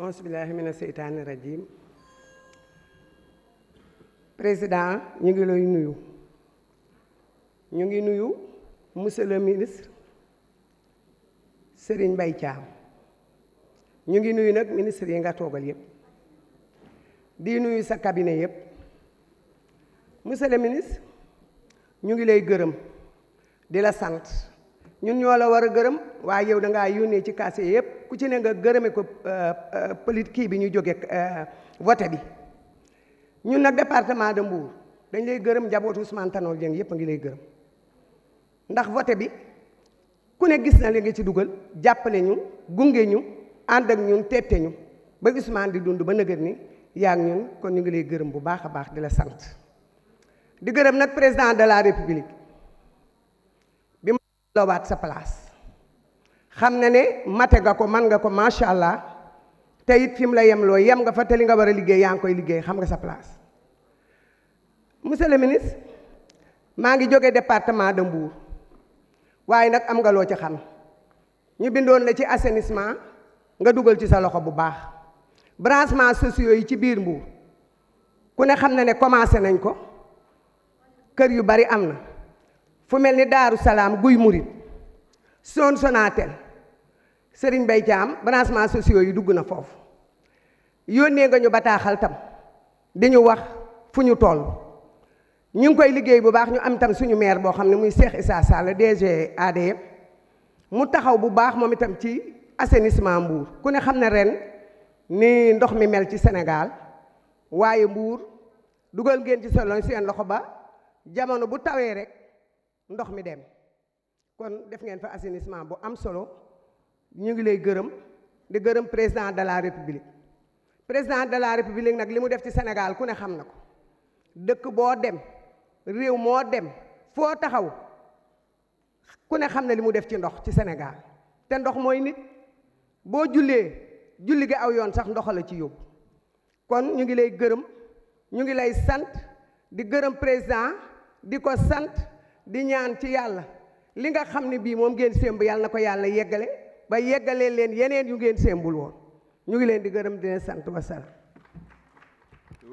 auzu billaahi mina seytaani rajiim président ñu ngi lay nuyu ñu ngi nuyu monsieur le ministre Serigne Mbaye Thiam ñu ngi nuyu nag ministre yi nga toogal yépp di nuyu sa cabinet yépp monsieur le ministre ñu ngi lay gërëm di la sant ñun ñoo la war a gërëm waaye yow da ngaa yónnee ci kaase yëpp ku ci ne nga gërëme ko politique euh, euh, kii bi ñu jóge euh, voté bi ñun nag département de Mbour dañ lay gërëm njabootu Ousmane Tanor Dieng yëpp a ngi lay gërëm ndax voté bi ku ne gis na li nga ci dugal jàppale ñu gunge ñu ànd ak ñun tette ñu ba Ousmane di dund ba nëgër ni yaa ngi ñun kon ñu ngi lay gërëm bu baax a baax di la sant di gërëm nag président de la république lowaat sa place xam na ne mate nga ko man nga ko macha allah te it fi mu la yem loo yem nga fa te li nga war a liggéey yaa ngi koy liggéey xam nga sa place monsieur le ministre maa ngi jóge département de Mbour waaye nag am nga loo ci xam ñu bindoon la ci assainissement nga dugal ci sa loxo bu baax branchement sociaux yi ci biir Mbour ku ne xam na ne commencé nañ ko kër yu bari am na fu mel ni Daaru Salaam Guy Murit son Sonatel sëriñ Mbaye Thiam branchement sociaux yi dugg na foofu yónnee nga ñu bataaxal tam di ñu wax fu ñu toll ñu ngi koy liggéey bu baax ñu am tam suñu maire boo xam ne muy Cheikh Issa Sall DG ADM mu taxaw bu baax moom itam ci assainissement mbuur ku ne xam ne ren ni ndox mi mel ci Sénégal waaye mbuur dugal ngeen ci solo seen loxo ba jamono bu tawee rek. ndox mi dem kon def ngeen fa assainissement bu am solo ñu ngi lay gërëm di gërëm président de la république président de la république nag li mu def ci Sénégal ku ne xam na ko dëkk boo dem réew moo dem foo taxaw ku ne xam ne li mu def ci ndox ci Sénégal te ndox mooy nit boo jullee julli gi aw yoon sax ndox la ci yóbbu kon ñu ngi lay gërëm ñu ngi lay sant di gërëm président di ko sant di ñaan ci yàlla li nga xam ne bii moom ngeen sémb yàlla na ko yàlla yeggale ba yeggalee leen yeneen yu ngeen sémbul woon ñu ngi leen di gërëm di leen sant wa salaam. Je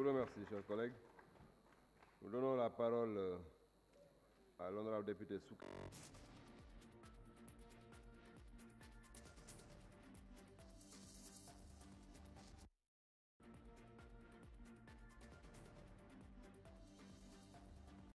vous remercie, chers